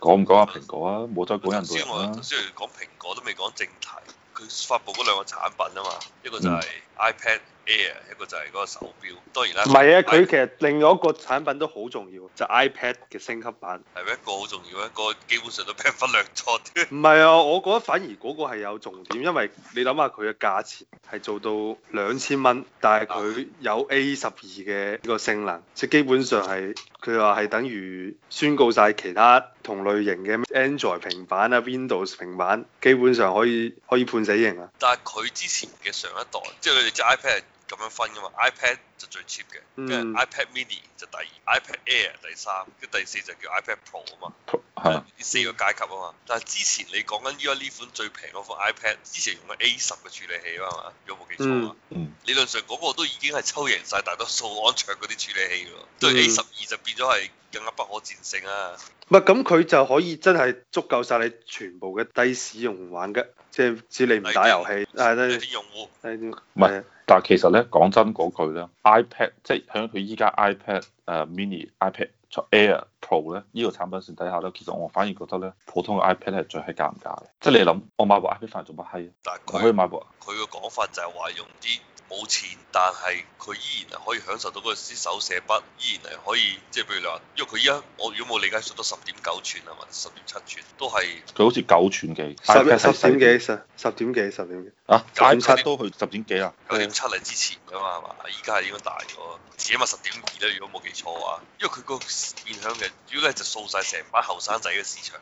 講唔講阿蘋果啊？冇再講人哋啦、啊。雖然講蘋果都未講正題，佢發布嗰兩個產品啊嘛，一個就係 iPad Air 一個就係嗰個手錶，當然啦。唔係啊，佢其實另外一個產品都好重要，就係、iPad 嘅升級版。係一個好重要、啊，一個基本上俾人忽略咗添。唔 係啊，我覺得反而嗰個係有重點，因為你諗下佢嘅價錢係做到兩千蚊，但係佢有 A 十二嘅呢個性能，即係、啊、基本上係佢話係等於宣告晒其他同類型嘅 Android 平板啊、Windows 平板，基本上可以可以判死刑啊。但係佢之前嘅上一代，即係佢哋隻 iPad。咁樣分噶嘛，iPad 就最 cheap 嘅，跟住、嗯、iPad Mini 就第二，iPad Air 第三，跟第四就叫 iPad Pro 啊嘛、嗯，係啊，呢四個階級啊嘛。嗯、但係之前你講緊依家呢款最平嗰款 iPad，之前用嘅 A 十嘅處理器啊嘛，有冇記錯啊？嗯、理論上嗰個都已經係抽贏晒，大多數安卓嗰啲處理器咯，對，A 十二就變咗係。更加不可戰勝啊！唔係咁佢就可以真係足夠晒你全部嘅低使用玩嘅，即係指你唔打遊戲。係啲用戶，唔係。但係其實咧，講真嗰句咧，iPad，即係響佢依家 iPad，誒，uh，mini iPad Air Pro 咧，呢個產品線底下咧，其實我反而覺得咧，普通嘅 iPad 係最係夾唔夾嘅。即係你諗，我買部 iPad 翻嚟做乜閪？但佢我可以買部。佢嘅講法就係話用啲。冇錢，但係佢依然係可以享受到嗰支手寫筆，依然係可以即係，譬如你話，因為佢依家我如果冇理解錯到十點九寸啊，或者十點七寸都係佢好似九寸幾，十十點幾十點幾十點幾啊，九都去十點幾啊，九點七嚟之前㗎嘛，依家係應該大咗，起碼十點二咧，如果冇記錯話，因為佢個面向嘅主要咧就掃晒成班後生仔嘅市場誒，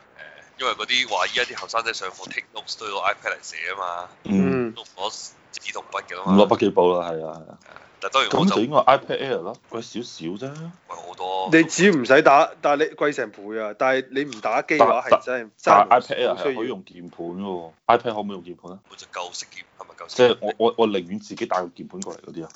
因為嗰啲話依家啲後生仔上課 take notes 都攞 iPad 嚟寫啊嘛，嗯。紙同筆嘅嘛，唔落百幾部啦，係啊係啊。咁、啊、就應該 iPad Air 咯，貴少少啫。貴好多、啊。你紙唔使打，但係你貴成倍啊！但係你唔打機嘅話，係但真係唔需要。iPad Air、啊、可以用鍵盤喎，iPad 可唔可以用鍵盤啊？就舊式鍵盤同埋舊式，即係我我我寧願自己帶個鍵盤過嚟嗰啲啊。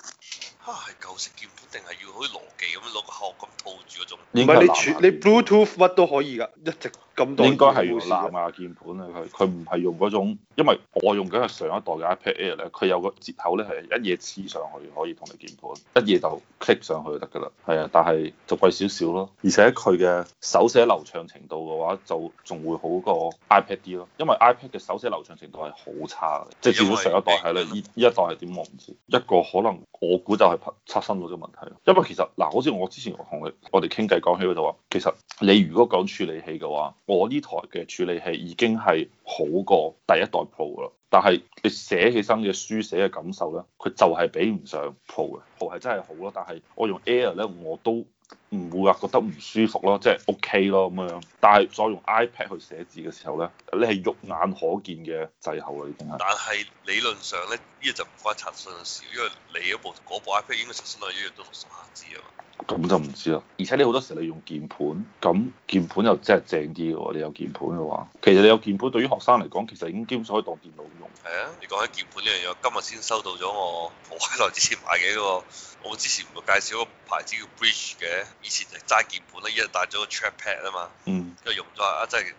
嚇係舊式鍵盤。定係要好似羅技咁樣攞個殼咁套住嗰種，唔係你你 Bluetooth 乜都可以噶，一直咁代。應該係用藍牙、啊、鍵盤啊，佢佢唔係用嗰種，因為我用緊係上一代嘅 iPad Air 咧，佢有個接口咧係一嘢黐上去可以同你鍵盤，一嘢就 click 上去就得㗎啦。係啊，但係就貴少少咯，而且佢嘅手寫流暢程度嘅話就仲會好過 iPad 啲咯，因為 iPad 嘅手寫流暢程度係好差嘅，即係的至少上一代係咧，呢依為一代係點我唔知。一個可能我估就係測生咗嗰啲問題。因為其實嗱，好似我之前我同我我哋傾偈講起嗰度話，其實你如果講處理器嘅話，我呢台嘅處理器已經係好過第一代 Pro 噶啦，但係你寫起身嘅書寫嘅感受咧，佢就係比唔上 Pro 嘅，Pro 係真係好咯。但係我用 Air 咧，我都唔會話覺得唔舒服咯，即係 OK 咯咁樣。但係再用 iPad 去寫字嘅時候咧，你係肉眼可見嘅滯後啦，已經係。但係理論上咧。呢嘢就唔關刷新嘅事，因為你嗰部、嗰部 iPad 應該刷新到一樣都六十五啊嘛。咁就唔知啦。而且你好多時你用鍵盤，咁鍵盤又真係正啲喎。你有鍵盤嘅話，其實你有鍵盤對於學生嚟講，其實已經基本上可以當電腦用。係啊，你講起鍵盤呢樣嘢，今日先收到咗我好耐之前買嘅嗰個，我之前唔係介紹個牌子叫 Bridge 嘅，以前就齋鍵盤啦，依家帶咗個 Trackpad 啊嘛。嗯。因為用咗啊，真係。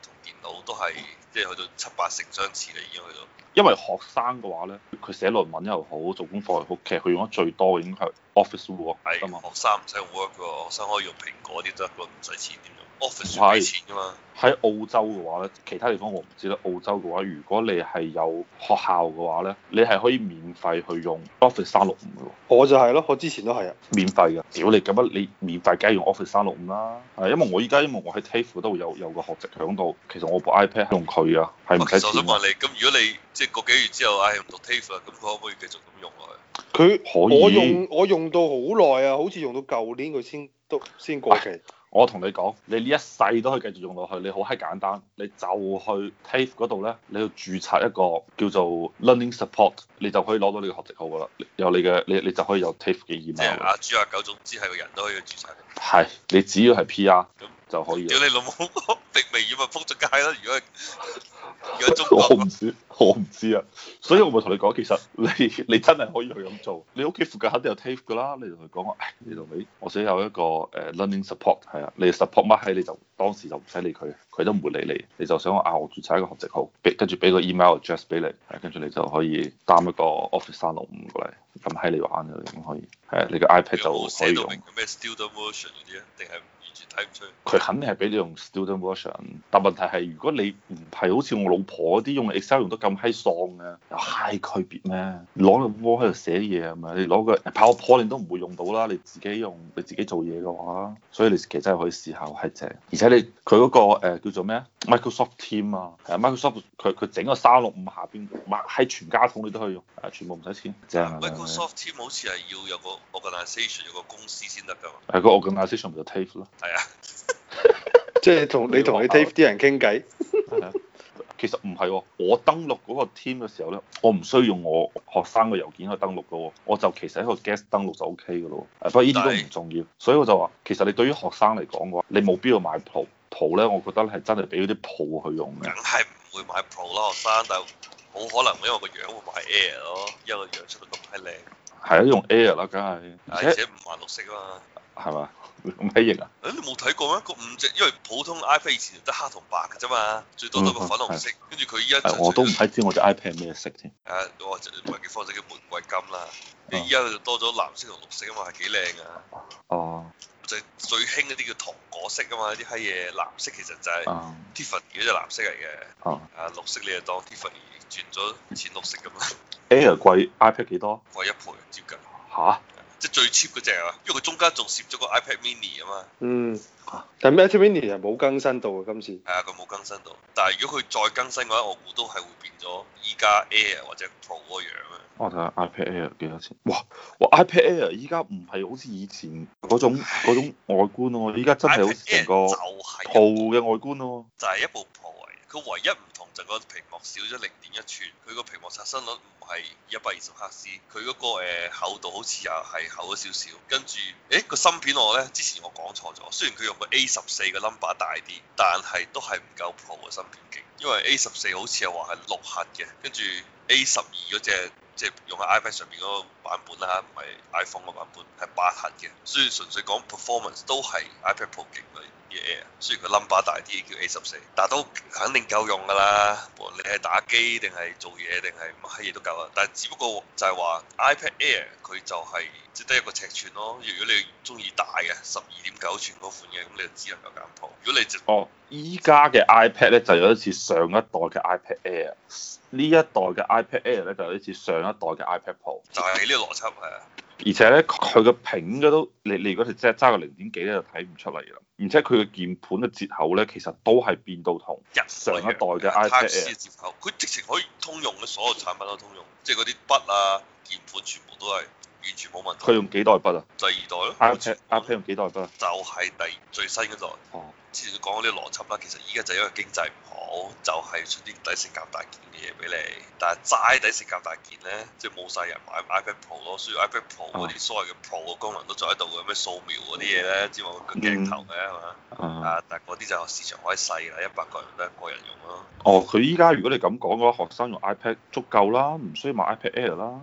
都係即係去到七八成相似啦，已經去到。因為學生嘅話咧，佢寫論文又好，做功課又好，其實佢用得最多嘅已經係 Office 喎、欸，係嘛嗎？學生唔使 work 嘅喎，學生可以用蘋果啲得個唔使錢點用？Office 要俾錢㗎嘛？喺澳洲嘅話咧，其他地方我唔知啦。澳洲嘅話，如果你係有學校嘅話咧，你係可以免費去用 Office 三六五嘅。我就係咯，我之前都係啊，免費嘅。屌你咁樣你免費梗係用 Office 三六五啦，係因為我依家因為我喺 TAFE 都有有個學籍喺度，其實我部 iPad 係用佢啊，係唔使錢。我想問你，咁如果你即係個幾月之後，唉用到 TAFE 啦，咁可唔可以繼續咁用落去？佢可以，我用我用到好耐啊，好似用到舊年佢先都先過期。我同你講，你呢一世都可以繼續用落去，你好閪簡單，你就去 TAFE 嗰度咧，你要註冊一個叫做 Learning Support，你就可以攞到你個學籍號㗎喇，有你嘅你你就可以有 TAFE 嘅 email。即係啊，主要九總之係個人都可以去註冊。係，你只要係 PR。就可以叫你老母，並未遠咪闔咗街啦，如果如果中國，我唔知我唔知啊。所以我咪同你講，其實你你真係可以去咁做。你屋企附近肯定有 TAFE 噶啦。你同佢講話，你老味，我想有一個誒 learning support 係啊。你 support 乜？喺你就當時就唔使理佢，佢都唔會理你。你就想啊，我註冊一個學籍號，俾跟住俾個 email address 俾你，啊、跟住你就可以擔一個 office 三六五過嚟咁喺你玩就已經可以。係、啊、你個 iPad 就可以用。佢肯定係俾你用 Student Version，但問題係如果你唔係好似我老婆嗰啲用 Excel 用得咁閪喪嘅，有閪區別咩？攞個 Word 喺度寫嘢係咪？你攞個跑個 port 都唔會用到啦，你自己用你自己做嘢嘅話，所以你其實真係可以試下係正，而且你佢嗰、嗰個、呃、叫做咩 Microsoft Team 啊，Microsoft 佢佢整個三六五下邊買閪全家桶你都可以用，誒、啊、全部唔使錢。但嗯、Microsoft Team 好似係要有個 Organization 有個公司先得㗎嘛，係個 Organization 咪就 Take 咯的。係啊的。即係同你同 你，你 team 啲人傾偈。 其實唔係喎，我登錄嗰個 team 嘅時候咧，我唔需要用我學生嘅郵件去登錄嘅喎，我就其實一個 guest 登錄就 OK 嘅咯。不過呢啲都唔重要，的所以我就話，其實你對於學生嚟講嘅話，你冇必要買 pro, pro 咧，我覺得係真係俾啲 pro 去用嘅。梗係唔會買 pro 咯，學生，但係好可能因為個樣會買 air 咯，因為個樣出到咁閪靚。係啊，用 air 啦，梗係。而且五顏六色啊嘛。係嘛？咁閪型啊？誒、哎，你冇睇過咩？個五隻，因為普通 iPad 以前得黑同白嘅啫嘛，最多就個粉紅色。跟住佢依家，我都唔睇知我隻 iPad 咩色添。誒，我唔係叫方色，叫玫瑰金啦。依家，啊、就多咗藍色同綠色啊嘛，係幾靚啊！哦、啊，就最興嗰啲叫糖果色啊嘛，啲閪嘢。藍色其實就係 Tiffany 嗰隻藍色嚟嘅。啊，啊綠色你就當 Tiffany 轉咗淺綠色咁咯。Air 貴 iPad 幾多？貴一倍接近。嚇？即最 cheap 嗰隻啊，因為佢中間仲攝咗個 iPad Mini 啊嘛。嗯。但係 iPad Mini 係冇更新到啊，今次。係啊，佢冇更新到。但係如果佢再更新嘅話，我估都係會變咗依家 Air 或者 Pro 嘅樣、哦、Air, 唉啊。我睇下 iPad Air 幾多錢？哇！哇！iPad Air 依家唔係好似以前嗰種嗰種外觀咯，我哋依家真係好似成個 Pro 嘅外觀咯、啊。就係、是、一部 Pro，佢唯一唔個屏幕少咗零點一寸，佢個屏幕刷新率唔係一百二十赫茲，佢嗰個厚度好似又係厚咗少少，跟住，誒、這個芯片我呢之前我講錯咗，雖然佢用個 A 十四嘅 number 大啲，但係都係唔夠 Pro 嘅芯片勁，因為 A 十四好似又話係六核嘅，跟住 A 十二嗰隻即係用喺 iPad 上面嗰個版本啦，唔係 iPhone 嘅版本係八核嘅，所以純粹講 performance 都係 iPad Pro 勁嘢啊，yeah, 雖然佢 number 大啲叫 A 十四，但都肯定夠用㗎喇。你係打機定係做嘢定係乜嘢都夠啦。但係只不過就係話 iPad Air 佢就係只得一個尺寸咯。如果你中意大嘅十二點九吋嗰款嘅，咁你就只能夠揀 Pro。如果你直我依家、哦、嘅 iPad 咧就有啲似上一代嘅 iPad Air，呢一代嘅 iPad Air 咧就有啲似上一代嘅 iPad Pro，就係呢個邏輯係。而且咧，佢個屏都，你你如果即係揸個零點幾咧，就睇唔出嚟啦。而且佢嘅鍵盤嘅接口咧，其實都係變到同上一代嘅 iPad 嘅接口，佢直情可以通用嘅，所有產品都通用，即係嗰啲筆啊、鍵盤全部都係。完全冇問題。佢用幾代筆啊？第二代咯。iPad 用幾代筆？就係第最新嗰代。哦。之前講嗰啲邏輯啦，其實依家就係因為經濟唔好，就係出啲低質夾大件嘅嘢俾你。但係齋低質夾大件咧，即係冇晒人買 iPad Pro 咯，所以 iPad Pro 嗰啲所謂嘅 Pro 個功能都仲喺度嘅，咩掃描嗰啲嘢咧，知冇？個鏡頭嘅係嘛？啊！但係嗰啲就市場可以細啦，一百個人得一個人用咯。哦，佢依家如果你咁講嘅話，學生用 iPad 足夠啦，唔需要買 iPad Air 啦。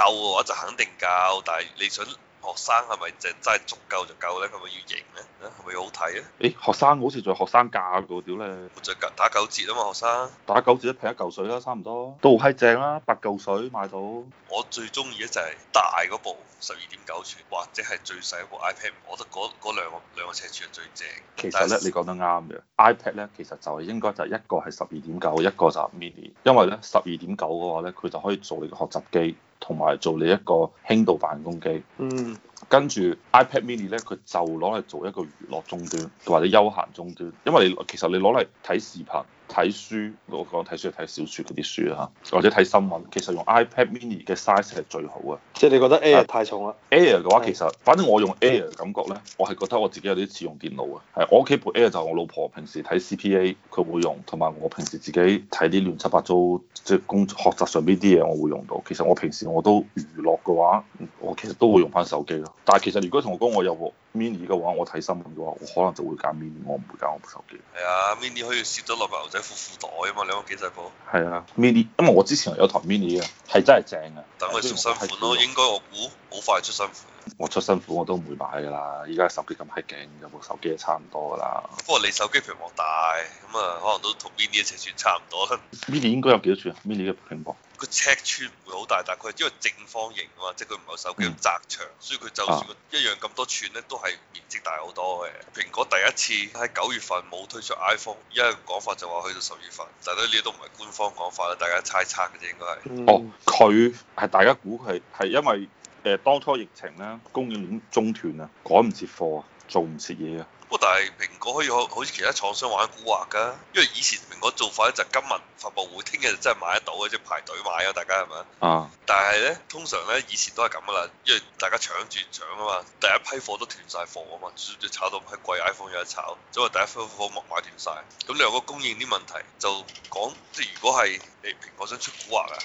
夠嘅話就肯定夠，但係你想學生係咪就真係足夠就夠咧？佢咪要型咧？啊，係咪好睇咧？誒，學生好似仲有學生價嘅屌屌我就打打九折啊嘛，學生打九折一平一嚿水啦，差唔多都好正啦，八嚿水買到。我最中意咧就係大嗰部十二點九寸或者係最細嗰部 iPad，我覺得嗰嗰兩個兩個尺寸最正。其實咧，是你講得啱嘅 iPad 咧，其實就係應該就係一個係十二點九，一個就 Mini，因為咧十二點九嘅話咧，佢就可以做你嘅學習機。同埋做你一個輕度辦公機。嗯。跟住 iPad Mini 咧，佢就攞嚟做一個娛樂終端或者休閒終端，因為你其實你攞嚟睇視頻、睇書，我講睇書睇小説嗰啲書啊，或者睇新聞，其實用 iPad Mini 嘅 size 係最好嘅。即係你覺得 Air 太重啦？啊，Air 嘅話，其實是反正我用 Air 嘅感覺咧，我係覺得我自己有啲似用電腦嘅。係我屋企部 Air 就係我老婆平時睇 CPA 佢會用，同埋我平時自己睇啲亂七八糟即係工作學習上邊啲嘢我會用到。其實我平時我都娛樂嘅話，我其實都會用翻手機咯。但係其實，如果同我講，我有 mini 嘅話，我睇新聞嘅話，我可能就會揀 mini，我唔會揀我部手機。係啊，yeah，mini 可以攝咗落牛仔褲褲袋啊嘛，兩個幾細部。係啊，yeah，mini，因為我之前有台 mini 啊，係真係正啊。等佢出新款咯，應該我估好快出新款。我出新款我都唔會買㗎啦，依家手機咁閪勁，有部手機係差唔多㗎啦。不過你手機屏幕大，咁啊可能都同 mini 嘅尺寸差唔多 mini 應該有幾多寸啊？mini 嘅屏幕。佢尺寸唔會好大，但係佢因為正方形啊嘛，即係佢唔係手機咁窄長，mm. 所以佢就算一樣咁多寸咧，都。係面積大好多嘅，蘋果第一次喺九月份冇推出 iPhone，一個講法就話去到十月份，但係呢啲都唔係官方講法啦，大家猜測嘅啫，應該係。嗯、哦，佢係大家估佢係因為誒、呃、當初疫情咧，供應鏈中斷啊，趕唔切貨，做唔切嘢啊。不過，但係蘋果可以好似其他廠商玩古惑噶，因為以前蘋果做法咧，就今日發布會，聽日就真係買得到嘅，即係排隊買啊，大家係咪啊？但係呢，通常呢，以前都係咁噶啦，因為大家搶住搶啊嘛，第一批貨都斷晒貨啊嘛，就炒到咩貴 iPhone 有得炒，即係第一批貨賣斷曬，咁你有個供應啲問題就講，即係如果係你蘋果想出古惑啊？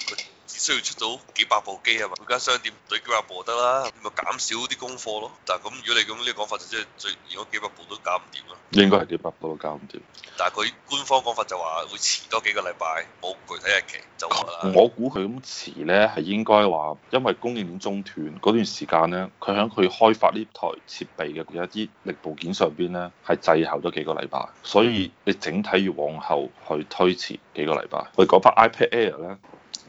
只需要出到幾百部機係嘛？佢間商店堆幾百部就得啦，咁咪減少啲供貨咯。但係咁如果你咁呢個講法，就即係最如果幾百部都搞唔掂咯。應該係幾百部都搞唔掂。但係佢官方講法就話會遲多幾個禮拜，冇具體日期，就我估佢咁遲咧係應該話，因為供應鏈中斷嗰段時間咧，佢喺佢開發呢台設備嘅有一啲力部件上邊咧係滯後咗幾個禮拜，所以你整體要往後去推遲幾個禮拜。佢嗰批 iPad Air 咧。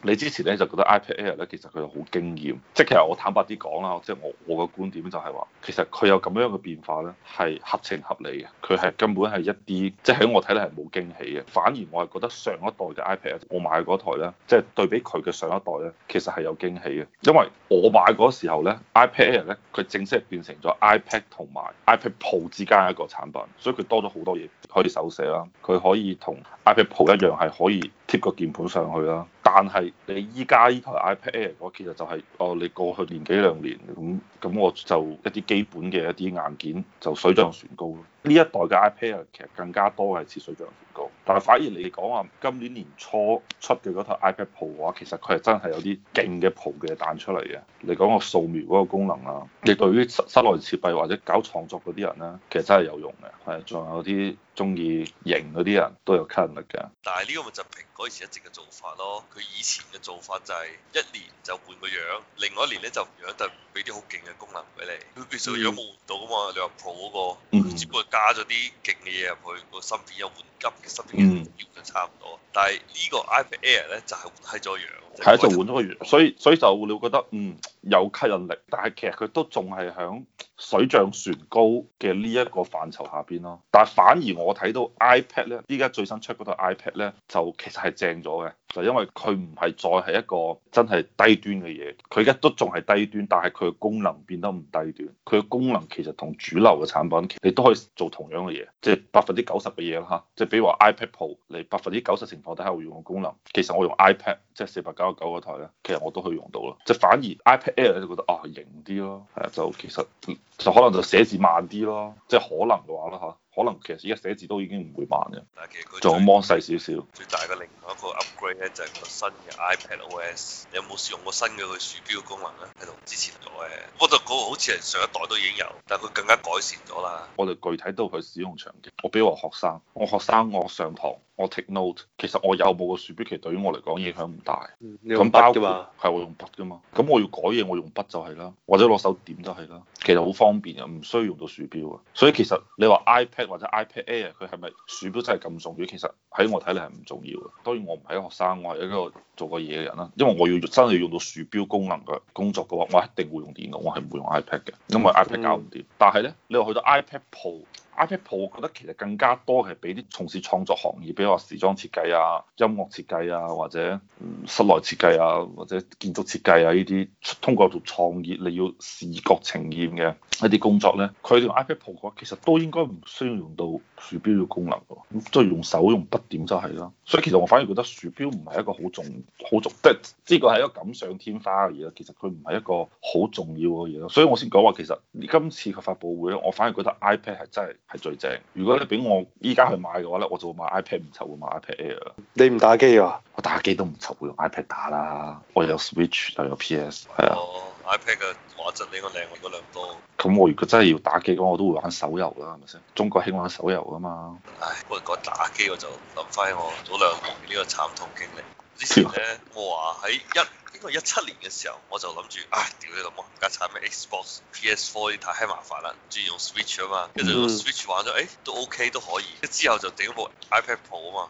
你之前咧就覺得 iPad Air 咧其實佢好驚豔，即係其實我坦白啲講啦，即係我我嘅觀點就係話，其實佢有咁樣嘅變化咧係合情合理嘅，佢係根本係一啲即係喺我睇嚟係冇驚喜嘅，反而我係覺得上一代嘅 iPad，我買嗰台咧，即係對比佢嘅上一代咧，其實係有驚喜嘅，因為我買嗰時候咧 iPad Air 咧，佢正式變成咗 iPad 同埋 iPad Pro 之間一個產品，所以佢多咗好多嘢可以手寫啦，佢可以同 iPad Pro 一樣係可以。貼個鍵盤上去啦，但係你依家依台 iPad Air 我其實就係、是、哦，你過去年幾兩年咁，咁我就一啲基本嘅一啲硬件就水漲船高咯。呢一代嘅 iPad 其實更加多嘅係次數量越高，但係反而你講話今年年初出嘅嗰台 iPad Pro 嘅話，其實佢係真係有啲勁嘅 Pro 嘅彈出嚟嘅。你講個掃描嗰個功能啊，你對於室室內設備或者搞創作嗰啲人咧，其實真係有用嘅。係，仲有啲鍾意型嗰啲人都有吸引力㗎。但係呢個咪就係蘋果以前一直嘅做法咯。佢以前嘅做法就係一年就換個樣，另外一年咧就唔樣得俾啲好勁嘅功能俾你。佢其實樣冇換到㗎嘛，嗯、你話 Pro 嗰個，只不過加咗啲勁嘅嘢入去，個芯片有急嘅芯片要就差唔多，但係呢個 iPad Air 咧就係、是、換開咗樣，係對就換咗個樣所，所以所以就你會覺得嗯，有吸引力，但係其實佢都仲係喺水漲船高嘅呢一個範疇下邊咯。但係反而我睇到 iPad 咧，依家最新出嗰套 iPad 咧，就其實係正咗嘅，就因為佢唔係再係一個真係低端嘅嘢，佢而家都仲係低端，但係佢嘅功能變得唔低端，佢嘅功能其實同主流嘅產品，其你都可以做同樣嘅嘢，即係百分之九十嘅嘢啦嚇，比如話 iPad Pro，你百分之九十情況底下會用嘅功能，其實我用 iPad 即係四百九十九嗰台咧，其實我都可以用到啦，即係反而 iPad Air 咧就覺得啊，型啲咯，係啊，就其實就可能就寫字慢啲咯，即係可能嘅話啦嚇。可能其實而家寫字都已經唔會慢嘅，但其實佢仲要摸細少少。最大嘅另外一個 upgrade 咧就係個新嘅 iPad OS，你有冇試用過新嘅個鼠標功能咧？係同之前代，我度嗰好似係上一代都已經有，但係佢更加改善咗啦。我哋具體到佢使用場景，我比如話學生，我學生我上堂。我 take note，其實我有冇個鼠標，其實對於我嚟講影響唔大。咁包嘅嘛，係我用筆嘅嘛。咁我要改嘢，我用筆就係啦，或者攞手點都係啦。其實好方便嘅，唔需要用到鼠標啊。所以其實你話 iPad 或者 iPad Air，佢係咪鼠標真係咁重要？其實喺我睇嚟係唔重要嘅。當然我唔係學生，我係一個做過嘢嘅人啦。因為我要真係要用到鼠標功能嘅工作嘅話，我一定會用電腦，我係唔會用 iPad 嘅，因為 iPad 搞唔掂。嗯、但係咧，你話去到 iPad 鋪。iPad Pro 我覺得其實更加多係俾啲從事創作行業，比如話時裝設計啊、音樂設計啊，或者室內設計啊，或者建築設計啊呢啲，通過做創意你要視覺呈現嘅一啲工作咧，佢用 iPad Pro 嘅話，其實都應該唔需要用到鼠標嘅功能嘅，咁即係用手用筆點就係啦。所以其實我反而覺得鼠標唔係一個好重、好重，即係呢個係一個錦上添花嘅嘢。其實佢唔係一個好重要嘅嘢咯。所以我先講話，其實今次嘅發布會我反而覺得 iPad 係真係。係最正。如果你俾我依家去買嘅話咧，我就會買 iPad 唔湊，會買 iPad Air 啊。你唔打機啊？我打機都唔湊，會用 iPad 打啦。我有 Switch 又有 PS。係啊。iPad 嘅畫質呢個靚，我都兩多。咁我如果真係要打機嘅話，我都會玩手遊啦，係咪先？中國興玩手遊啊嘛。唉，不過打機我就諗翻起我早兩年呢個慘痛經歷。之前咧，我話喺一應該一七年嘅時候，我就諗住，唉，屌你老母，而家搞咩 Xbox、PS4 啲太閪麻煩啦，轉用 Switch 啊嘛，跟住用 Switch 玩咗，誒、哎、都 OK 都可以，跟之後就整部 iPad Pro 啊嘛，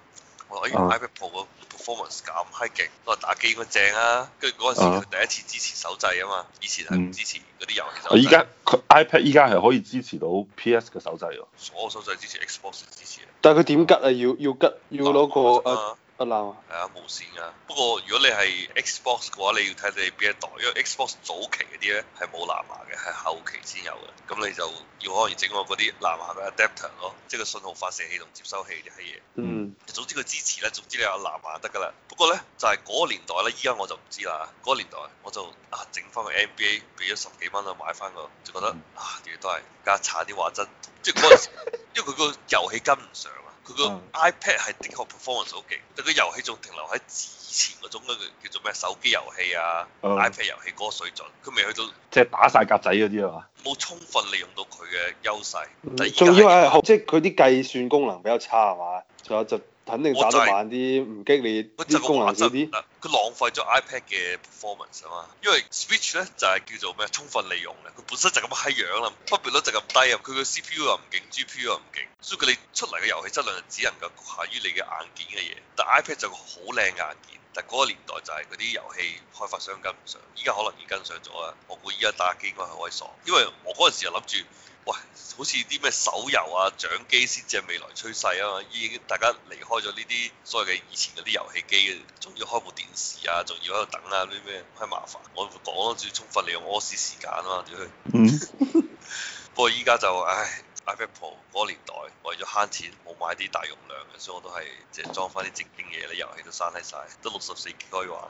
我話、哎、iPad Pro 個 performance 咁閪勁，我話打機應該正啊，跟住嗰陣時佢第一次支持手掣啊嘛，以前係唔支持嗰啲遊戲手掣。我依家佢 iPad 依家係可以支持到 PS 嘅手掣喎，所有手掣支持 Xbox 支持。但係佢點吉啊？要要吉，要攞個誒。不嬲，係啊，無線噶。不過如果你係 Xbox 嘅話，你要睇你邊一代，因為 Xbox 早期嗰啲咧係冇藍牙嘅，係後期先有嘅。咁你就要可能整個嗰啲藍牙嘅 adapter 咯、啊，即係個信號發射器同接收器啲閪嘢。嗯。總之佢支持咧，總之你有藍牙得噶啦。不過咧就係、是、嗰個年代咧，依家我就唔知啦。嗰、那個年代我就啊整翻個 NBA，俾咗十幾蚊去買翻個，就覺得、嗯、啊，都係家產啲畫質，即係嗰陣時， 因為佢個遊戲跟唔上啊。佢個 iPad 係的確 performance 好勁，但係個遊戲仲停留喺之前嗰種叫做咩手機遊戲啊，iPad 遊戲嗰個水準，佢未去到即係打晒格仔嗰啲啊嘛，冇充分利用到佢嘅優勢，仲要係即係佢啲計算功能比較差啊嘛，仲有就。嗯肯定打得慢啲，唔、就是、激烈啲，就是、功能少啲。佢浪費咗 iPad 嘅 performance 啊嘛，因為 Switch 咧就係、是、叫做咩？充分利用啊，佢本身就咁閪樣啦，分辨率就咁低啊，佢個 CPU 又唔勁，GPU 又唔勁，所以佢哋出嚟嘅遊戲質量就只能夠侷限於你嘅硬件嘅嘢。但 iPad 就好靚硬件，但嗰個年代就係嗰啲遊戲開發商跟唔上，依家可能已經跟上咗啦。我估依家打機應該係開爽，因為我嗰陣時係諗住。喂，好似啲咩手遊啊、掌機先至係未來趨勢啊嘛，已經大家離開咗呢啲所謂嘅以前嗰啲遊戲機嘅，仲要開部電視啊，仲要喺度等啊，啲咩係麻煩，我講咯，最充分利用屙屎時間啊嘛，屌佢。 不過依家就唉，iPad Pro 嗰個年代為咗慳錢冇買啲大容量嘅，所以我都係即係裝翻啲正經嘢，啲遊戲都刪曬晒，都六十四 G 可以玩。